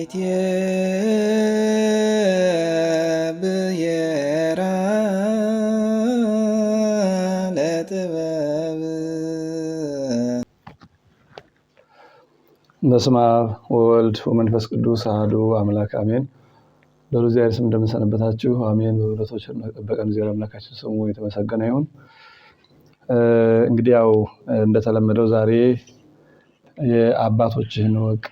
ይትብየራ በስመ አብ ወወልድ ወመንፈስ ቅዱስ አሐዱ አምላክ አሜን። በሉ እግዚአብሔር ስም እንደምንሰነበታችሁ አሜን። በብረቶች ጠበቀን እግዚአብሔር አምላካችን ስሙ የተመሰገነ ይሁን። እንግዲህ ያው እንደተለመደው ዛሬ የአባቶችህን ወቅ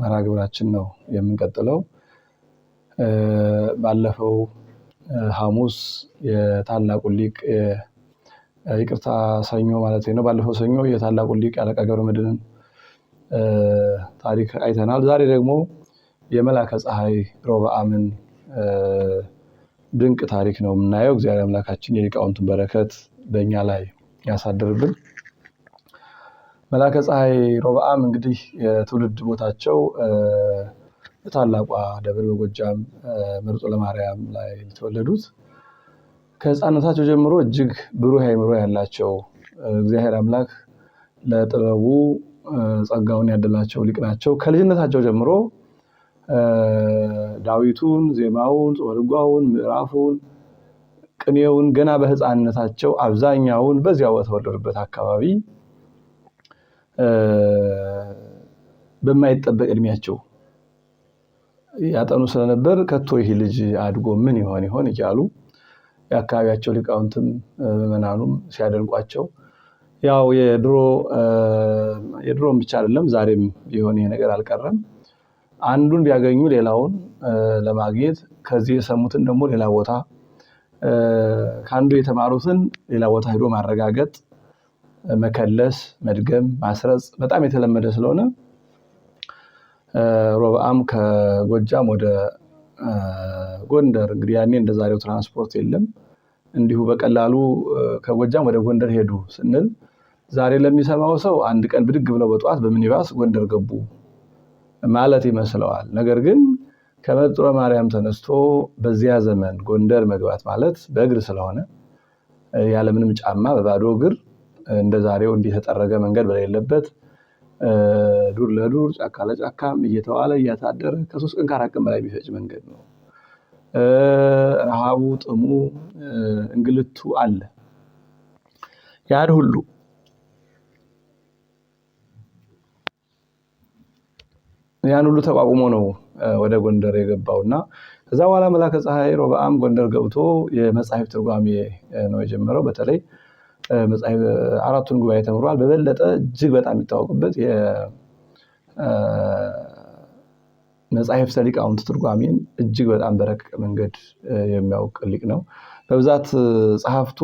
መርሃ ግብራችን ነው የምንቀጥለው። ባለፈው ሐሙስ የታላቁ ሊቅ ይቅርታ፣ ሰኞ ማለት ነው። ባለፈው ሰኞ የታላቁ ሊቅ አለቃ ገብረመድኅንን ታሪክ አይተናል። ዛሬ ደግሞ የመላከ ፀሐይ ሮብዓምን ድንቅ ታሪክ ነው የምናየው። እግዚአብሔር አምላካችን የሊቃውንቱን በረከት በእኛ ላይ ያሳድርብን። መላከ ፀሐይ ሮብዓም እንግዲህ የትውልድ ቦታቸው ታላቋ ደብር በጎጃም መርጦ ለማርያም ላይ የተወለዱት ከህፃነታቸው ጀምሮ እጅግ ብሩህ አይምሮ ያላቸው እግዚአብሔር አምላክ ለጥበቡ ጸጋውን ያደላቸው ሊቅ ናቸው። ከልጅነታቸው ጀምሮ ዳዊቱን፣ ዜማውን፣ ጾመ ድጓውን፣ ምዕራፉን፣ ቅኔውን ገና በህፃንነታቸው አብዛኛውን በዚያው በተወለዱበት አካባቢ በማይጠበቅ እድሜያቸው ያጠኑ ስለነበር ከቶ ይህ ልጅ አድጎ ምን ይሆን ይሆን እያሉ የአካባቢያቸው ሊቃውንትም ምዕመናኑም ሲያደንቋቸው ያው የድሮ የድሮም ብቻ አይደለም፣ ዛሬም የሆነ ነገር አልቀረም። አንዱን ቢያገኙ ሌላውን ለማግኘት ከዚህ የሰሙትን ደግሞ ሌላ ቦታ ከአንዱ የተማሩትን ሌላ ቦታ ሄዶ ማረጋገጥ መከለስ፣ መድገም፣ ማስረጽ በጣም የተለመደ ስለሆነ ሮብዓም ከጎጃም ወደ ጎንደር እንግዲህ ያኔ እንደ ዛሬው ትራንስፖርት የለም። እንዲሁ በቀላሉ ከጎጃም ወደ ጎንደር ሄዱ ስንል ዛሬ ለሚሰማው ሰው አንድ ቀን ብድግ ብለው በጠዋት በሚኒባስ ጎንደር ገቡ ማለት ይመስለዋል። ነገር ግን ከመጥሮ ማርያም ተነስቶ በዚያ ዘመን ጎንደር መግባት ማለት በእግር ስለሆነ ያለምንም ጫማ በባዶ እግር እንደ ዛሬው እንዲህ የተጠረገ መንገድ በሌለበት ዱር ለዱር ጫካ ለጫካም እየተዋለ እያሳደረ ከሶስት ቀን ከአራት ቀን በላይ የሚፈጭ መንገድ ነው። ረሃቡ፣ ጥሙ፣ እንግልቱ አለ። ያን ሁሉ ያን ሁሉ ተቋቁሞ ነው ወደ ጎንደር የገባው እና ከዛ በኋላ መላከ ፀሐይ ሮብዓም ጎንደር ገብቶ የመጽሐፍ ትርጓሜ ነው የጀመረው በተለይ አራቱን ጉባኤ ተምሯል። በበለጠ እጅግ በጣም የሚታወቅበት መጽሐፍ ሊቃውንት ትርጓሜን እጅግ በጣም በረቀቀ መንገድ የሚያውቅ ሊቅ ነው። በብዛት ጸሐፍቱ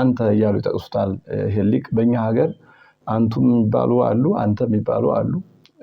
አንተ እያሉ ይጠቅሱታል። ይሄ ሊቅ በእኛ ሀገር አንቱም የሚባሉ አሉ፣ አንተ የሚባሉ አሉ።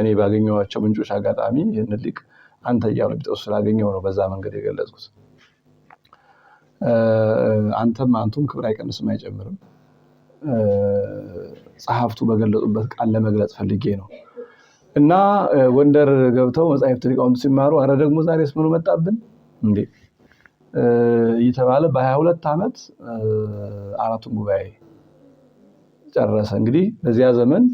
እኔ ባገኘኋቸው ምንጮች አጋጣሚ ይህን ሊቅ አንተ እያሉ ቢጠቅሱ ስላገኘው ነው በዛ መንገድ የገለጽኩት። አንተም አንቱም ክብር አይቀንስም አይጨምርም። ጸሐፍቱ በገለጹበት ቃል ለመግለጽ ፈልጌ ነው እና ጎንደር ገብተው መጻሕፍት ሊቃውንቱ ሲማሩ አረ ደግሞ ዛሬስ ምኑ መጣብን እንዴ እየተባለ በሀያ ሁለት ዓመት አራቱን ጉባኤ ጨረሰ። እንግዲህ በዚያ ዘመን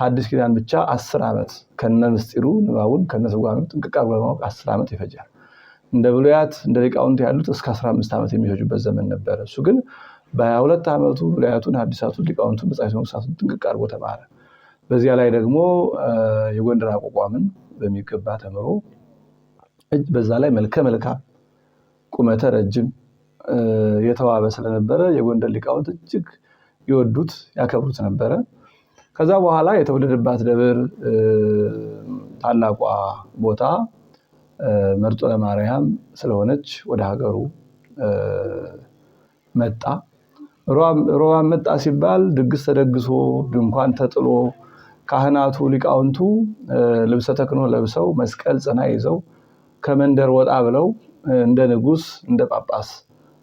ሐዲስ ኪዳን ብቻ አስር ዓመት ከነ ምስጢሩ ንባቡን ከነ ስጓኑ ጥንቅቅ በማወቅ አስር ዓመት ይፈጃል። እንደ ብሉያት እንደ ሊቃውንት ያሉት እስከ አስራ አምስት ዓመት የሚፈጁበት ዘመን ነበረ። እሱ ግን በሁለት ዓመቱ ብሉያቱን ሐዲሳቱን ሊቃውንቱን መጻሕፍተ መነኮሳቱን ጥንቅቅ አድርጎ ተማረ። በዚያ ላይ ደግሞ የጎንደር አቋቋምን በሚገባ ተምሮ በዛ ላይ መልከ መልካም ቁመተ ረጅም የተዋበ ስለነበረ የጎንደር ሊቃውንት እጅግ ይወዱት ያከብሩት ነበረ። ከዛ በኋላ የተወለደባት ደብር ታላቋ ቦታ መርጦ ለማርያም ስለሆነች ወደ ሀገሩ መጣ። ሮባ መጣ ሲባል ድግስ ተደግሶ ድንኳን ተጥሎ ካህናቱ ሊቃውንቱ ልብሰ ተክኖ ለብሰው መስቀል ጽና ይዘው ከመንደር ወጣ ብለው እንደ ንጉስ እንደ ጳጳስ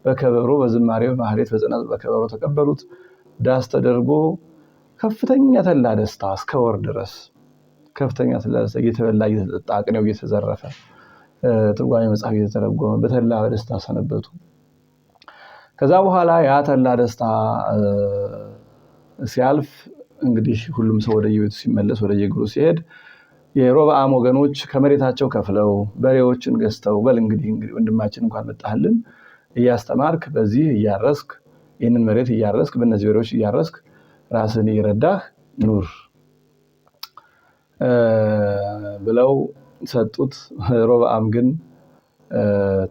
በከበሮ በዝማሬ በማህሌት በጽናጽ በከበሮ ተቀበሉት። ዳስ ተደርጎ ከፍተኛ ተላ ደስታ እስከ ወር ድረስ ከፍተኛ ተላ ደስታ እየተበላ እየተጠጣ እየተዘረፈ ትርጓሜ መጽሐፍ እየተተረጎመ በተላ ደስታ ሰነበቱ። ከዛ በኋላ የአተላ ደስታ ሲያልፍ እንግዲህ ሁሉም ሰው ወደየቤቱ ሲመለስ ወደየግሩ ሲሄድ የሮብአም ወገኖች ከመሬታቸው ከፍለው በሬዎችን ገዝተው በል እንግዲህ ወንድማችን እንኳን መጣህልን እያስተማርክ በዚህ እያረስክ ይህንን መሬት እያረስክ በእነዚህ በሬዎች እያረስክ ራስን እየረዳህ ኑር ብለው ሰጡት። ሮብአም ግን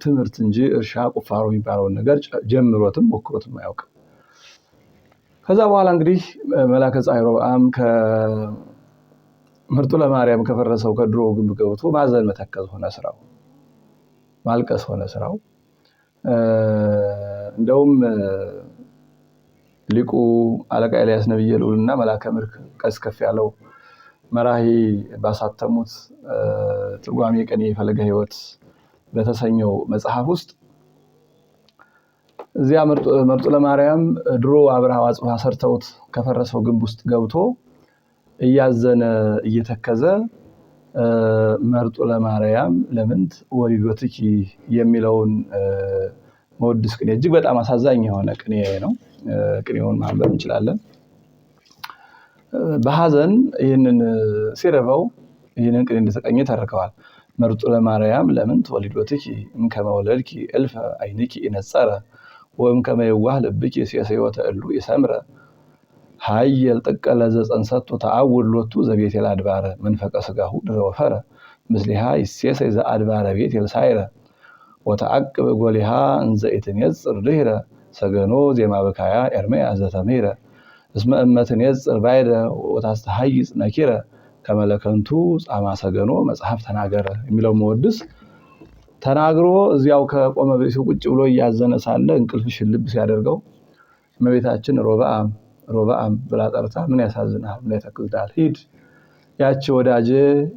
ትምህርት እንጂ እርሻ ቁፋሮ የሚባለውን ነገር ጀምሮትም ሞክሮትም አያውቅም። ከዛ በኋላ እንግዲህ መላከ ፀሐይ ሮብዓም ከምርጡ ለማርያም ከፈረሰው ከድሮ ግንብ ገብቶ ማዘን መተከዝ ሆነ ስራው፣ ማልቀስ ሆነ ስራው። እንደውም ሊቁ አለቃ ኤልያስ ነብየ እና መላከ ምርክ ቀስ ከፍ ያለው መራሂ ባሳተሙት ትርጓሜ ቀኔ የፈለገ ህይወት። በተሰኘው መጽሐፍ ውስጥ እዚያ መርጦ ለማርያም ድሮ አብርሃ አጽፋ ሰርተውት ከፈረሰው ግንብ ውስጥ ገብቶ እያዘነ እየተከዘ መርጦ ለማርያም ለምንት ወሪዶትኪ የሚለውን መወድስ ቅኔ እጅግ በጣም አሳዛኝ የሆነ ቅኔ ነው። ቅኔውን ማንበብ እንችላለን። በሐዘን ይህንን ሲረበው ይህንን ቅኔ እንደተቀኘ ተርከዋል። መርጦ ለማርያም ለምን ትወሊዶትኪ እምከመ ወለድኪ እልፈ ዓይንኪ ኢነጸረ ወእምከመ የዋህ ልብኪ ሴሰዮተ እሉ ይሰምረ ሀየል ጥቀለ ዘፀንሰቶ ተአውር ሎቱ ዘቤቴል አድባረ መንፈቀ ስጋሁ ድረ ወፈረ ምስሊሃ ይሴሰይ ዘአድባረ ቤቴል ሳይረ ወተአቅብ ጎሊሃ እንዘ ኢትኔጽር ድኅረ ሰገኖ ዜማ በካያ ኤርሜያስ ዘተምህረ እስመ እመ ትኔጽር ባይደ ወታስተሐይጽ ነኪረ ከመለከንቱ ጻማ ሰገኖ መጽሐፍ ተናገረ የሚለው መወድስ ተናግሮ እዚያው ከቆመ ቤቱ ቁጭ ብሎ እያዘነ ሳለ እንቅልፍ ሽልብ ሲያደርገው እመቤታችን ሮበአም ሮብዓም ብላ ጠርታ ምን ያሳዝናል፣ ምን ያተክዝዳል፣ ሂድ ያቺ ወዳጅ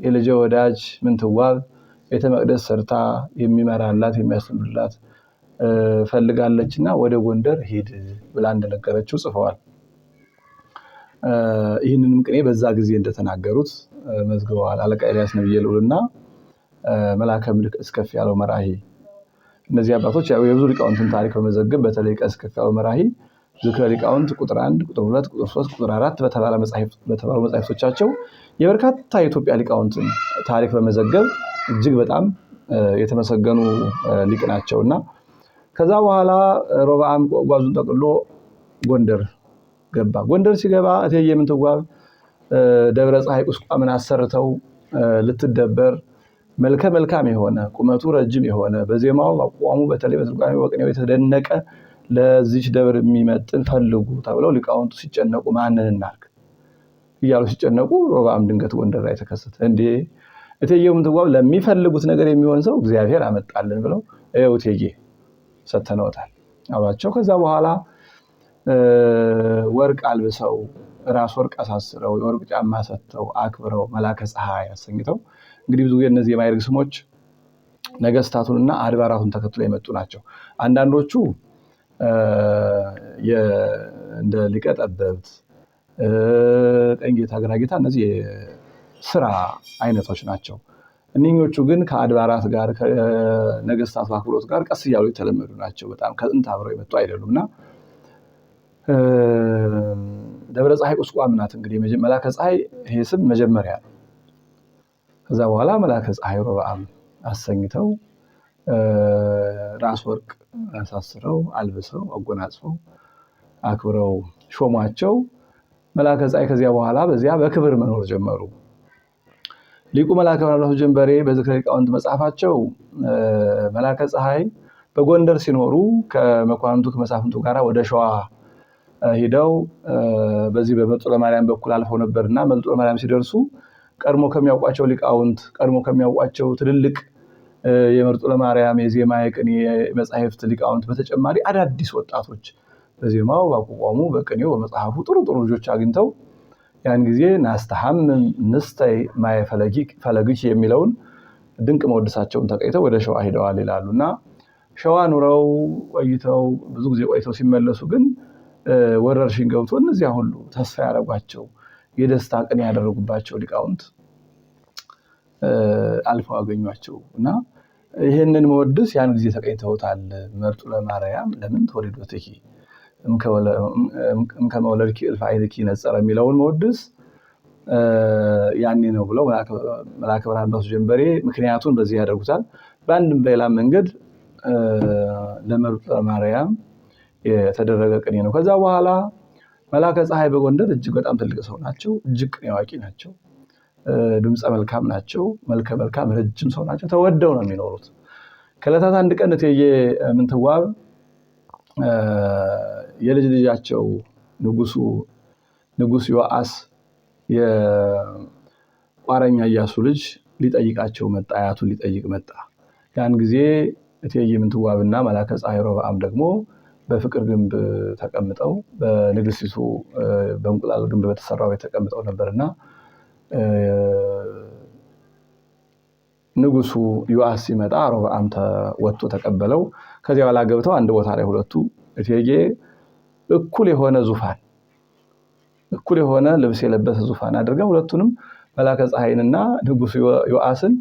የልጀ ወዳጅ ምንትዋብ ቤተ መቅደስ ሰርታ የሚመራላት የሚያስተምርላት ፈልጋለችና ወደ ጎንደር ሂድ ብላ እንደነገረችው ጽፈዋል። ይህንንም ቅኔ በዛ ጊዜ እንደተናገሩት መዝግበዋል። አለቃ ኤልያስ ነብየ ልዑልና መልአከ ምልክ እስከፍ ያለው መራሂ እነዚህ አባቶች የብዙ ሊቃውንትን ታሪክ በመዘግብ በተለይ ቀስከፍ ያለው መራሂ ዝክረ ሊቃውንት ቁጥር አንድ ቁጥር ሁለት ቁጥር ሶስት ቁጥር አራት በተባሉ መጽሐፍቶቻቸው የበርካታ የኢትዮጵያ ሊቃውንትን ታሪክ በመዘገብ እጅግ በጣም የተመሰገኑ ሊቅ ናቸው እና ከዛ በኋላ ሮብዓም ጓዙን ጠቅሎ ጎንደር ገባ። ጎንደር ሲገባ እቴጌ ምንትዋብ ደብረ ፀሐይ ቁስቋምን አሰርተው ልትደበር መልከ መልካም የሆነ ቁመቱ ረጅም የሆነ በዜማው አቋሙ በተለይ በትርጓሜ ወቅኔው የተደነቀ ለዚች ደብር የሚመጥን ፈልጉ ተብለው ሊቃውንቱ ሲጨነቁ ማንን እናርግ እያሉ ሲጨነቁ ሮብዓም ድንገት ጎንደር ላይ ተከሰተ። እንዴ እቴየ ምንትዋብ ለሚፈልጉት ነገር የሚሆን ሰው እግዚአብሔር አመጣልን ብለው እቴጌ ሰተነውታል አሏቸው። ከዛ በኋላ ወርቅ አልብሰው ራስ ወርቅ አሳስረው የወርቅ ጫማ ሰጥተው አክብረው መላከ ፀሐይ አሰኝተው እንግዲህ ብዙ ጊዜ እነዚህ የማይረግ ስሞች ነገስታቱንና አድባራቱን ተከትሎ የመጡ ናቸው። አንዳንዶቹ እንደ ሊቀ ጠበብት፣ ግራጌታ እነዚህ የስራ አይነቶች ናቸው። እኒኞቹ ግን ከአድባራት ጋር ከነገስታቱ አክብሮት ጋር ቀስ እያሉ የተለመዱ ናቸው። በጣም ከጥንት አብረው የመጡ አይደሉም እና ደብረ ፀሐይ ቁስቋም ናት። እንግዲህ መላከ ፀሐይ ይሄ ስም መጀመሪያ ነው። ከዛ በኋላ መላከ ፀሐይ ሮብዓም አሰኝተው ራስ ወርቅ አሳስረው አልብሰው አጎናጽፈው አክብረው ሾሟቸው። መላከ ፀሐይ ከዚያ በኋላ በዚያ በክብር መኖር ጀመሩ። ሊቁ መላከ መላኩ ጀንበሬ በዝክረ ሊቃውንት መጽሐፋቸው መላከ ፀሐይ በጎንደር ሲኖሩ ከመኳንንቱ ከመሳፍንቱ ጋር ወደ ሸዋ ሂደው በዚህ በመልጦ ለማርያም በኩል አልፈው ነበር እና መልጦ ለማርያም ሲደርሱ ቀድሞ ከሚያውቋቸው ሊቃውንት ቀድሞ ከሚያውቋቸው ትልልቅ የመልጦ ለማርያም የዜማ የቅኔ የመጽሐፍት ሊቃውንት በተጨማሪ አዳዲስ ወጣቶች በዜማው በአቋቋሙ በቅኔው በመጽሐፉ ጥሩ ጥሩ ልጆች አግኝተው ያን ጊዜ ናስተሐምም ንስተይ ማየ ፈለግች የሚለውን ድንቅ መወደሳቸውን ተቀይተው ወደ ሸዋ ሄደዋል ይላሉ እና ሸዋ ኑረው ቆይተው ብዙ ጊዜ ቆይተው ሲመለሱ ግን ወረርሽኝ ገብቶ እነዚያ ሁሉ ተስፋ ያደረጓቸው የደስታ ቅን ያደረጉባቸው ሊቃውንት አልፈው አገኟቸው እና ይህንን መወድስ ያን ጊዜ ተቀኝተውታል። መርጡ ለማርያም ለምን ተወልዶትኪ እምከመወለድኪ እልፍ አይልኪ ነጸረ የሚለውን መወድስ ያኔ ነው ብለው መልአከ ብርሃን ባሱ ጀንበሬ ምክንያቱን በዚህ ያደርጉታል። በአንድም በሌላ መንገድ ለመርጡ ለማርያም የተደረገ ቅኔ ነው። ከዛ በኋላ መላከ ፀሐይ በጎንደር እጅግ በጣም ትልቅ ሰው ናቸው። እጅግ ቅኔ አዋቂ ናቸው። ድምፀ መልካም ናቸው። መልከ መልካም ረጅም ሰው ናቸው። ተወደው ነው የሚኖሩት። ከዕለታት አንድ ቀን እቴጌ ምንትዋብ የልጅ ልጃቸው ንጉሱ ንጉስ ዮአስ የቋረኛ እያሱ ልጅ ሊጠይቃቸው መጣ። አያቱን ሊጠይቅ መጣ። ያን ጊዜ እቴጌ ምንትዋብና መላከ ፀሐይ ሮብዓም ደግሞ በፍቅር ግንብ ተቀምጠው በንግስቲቱ በእንቁላል ግንብ በተሰራው ቤት ተቀምጠው ነበር እና ንጉሱ ዮአስ ሲመጣ ሮብዓም ወጥቶ ተቀበለው። ከዚያ በኋላ ገብተው አንድ ቦታ ላይ ሁለቱ እቴጌ እኩል የሆነ ዙፋን እኩል የሆነ ልብስ የለበሰ ዙፋን አድርጋ ሁለቱንም መላከ ፀሐይንና ንጉሱ ዮአስን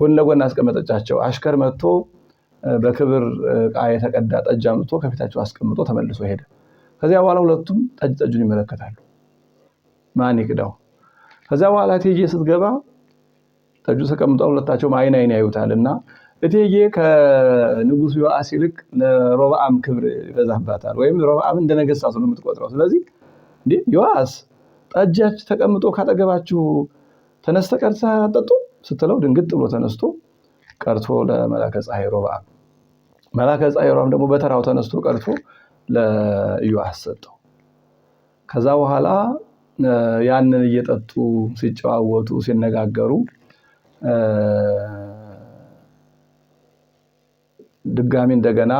ጎን ለጎን አስቀመጠቻቸው። አሽከር መጥቶ በክብር ዕቃ የተቀዳ ጠጅ አምጥቶ ከፊታቸው አስቀምጦ ተመልሶ ሄደ። ከዚያ በኋላ ሁለቱም ጠጅ ጠጁን ይመለከታሉ፣ ማን ይቅዳው። ከዚያ በኋላ እቴጌ ስትገባ ጠጁ ተቀምጧል፣ ሁለታቸውም አይን አይን ያዩታል እና እቴጌ ከንጉሱ ዮአስ ይልቅ ለሮብዓም ክብር ይበዛባታል፣ ወይም ሮብዓም እንደ ነገስታቱ ነው የምትቆጥረው። ስለዚህ እንዴ ዮአስ ጠጃች ተቀምጦ ካጠገባችሁ ተነስተ ቀርሳ አጠጡ ስትለው ድንግጥ ብሎ ተነስቶ ቀርቶ ለመላከ ፀሐይ ሮብዓም፣ መላከ ፀሐይ ሮብዓም ደግሞ በተራው ተነስቶ ቀርቶ ለኢዮአስ ሰጠው። ከዛ በኋላ ያንን እየጠጡ ሲጨዋወቱ ሲነጋገሩ ድጋሚ እንደገና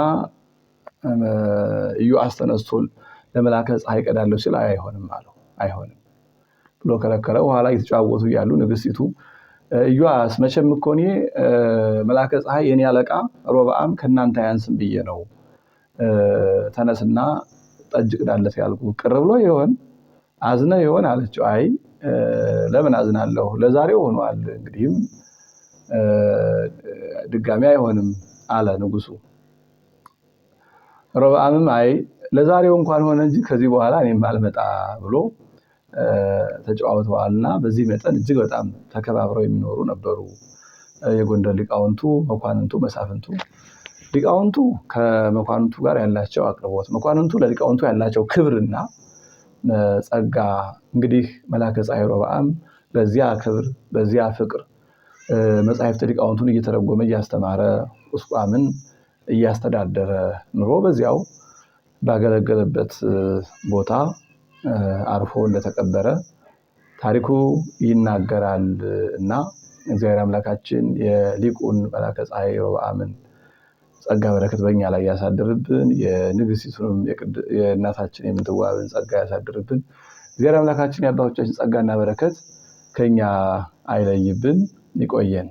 ኢዮአስ ተነስቶ ለመላከ ፀሐይ ቀዳለሁ ሲል አይሆንም አለው። አይሆንም ብሎ ከለከለ። በኋላ እየተጨዋወቱ እያሉ ንግስቲቱ እዩስ መቼም እኮ እኔ ፀሐይ የኔ አለቃ ሮብዓም ከእናንተ አያንስም ብዬ ነው ተነስና ጠጅ ቅዳለፍ ያልኩ ቅር ብሎ ይሆን አዝነ ይሆን አለችው። አይ ለምን አዝናለሁ? ለዛሬው ሆኗል። እንግዲህም ድጋሚ አይሆንም አለ ንጉሱ። ሮብዓምም አይ ለዛሬው እንኳን ሆነ እንጂ ከዚህ በኋላ እኔም አልመጣ ብሎ ተጨዋውተዋል እና በዚህ መጠን እጅግ በጣም ተከባብረው የሚኖሩ ነበሩ። የጎንደር ሊቃውንቱ መኳንንቱ መሳፍንቱ ሊቃውንቱ ከመኳንንቱ ጋር ያላቸው አቅርቦት መኳንንቱ ለሊቃውንቱ ያላቸው ክብርና ጸጋ እንግዲህ መላከ ፀሐይ ሮብዓም በዚያ ክብር በዚያ ፍቅር መጽሐፍት ሊቃውንቱን እየተረጎመ እያስተማረ ቁስቋምን እያስተዳደረ ኑሮ በዚያው ባገለገለበት ቦታ አርፎ እንደተቀበረ ታሪኩ ይናገራል እና እግዚአብሔር አምላካችን የሊቁን መላከ ፀሐይ ሮብዓምን ጸጋ በረከት በኛ ላይ ያሳድርብን። የንግስቱንም የእናታችን የምትዋብን ጸጋ ያሳድርብን። እግዚአብሔር አምላካችን የአባቶቻችን ጸጋና በረከት ከኛ አይለይብን። ይቆየን።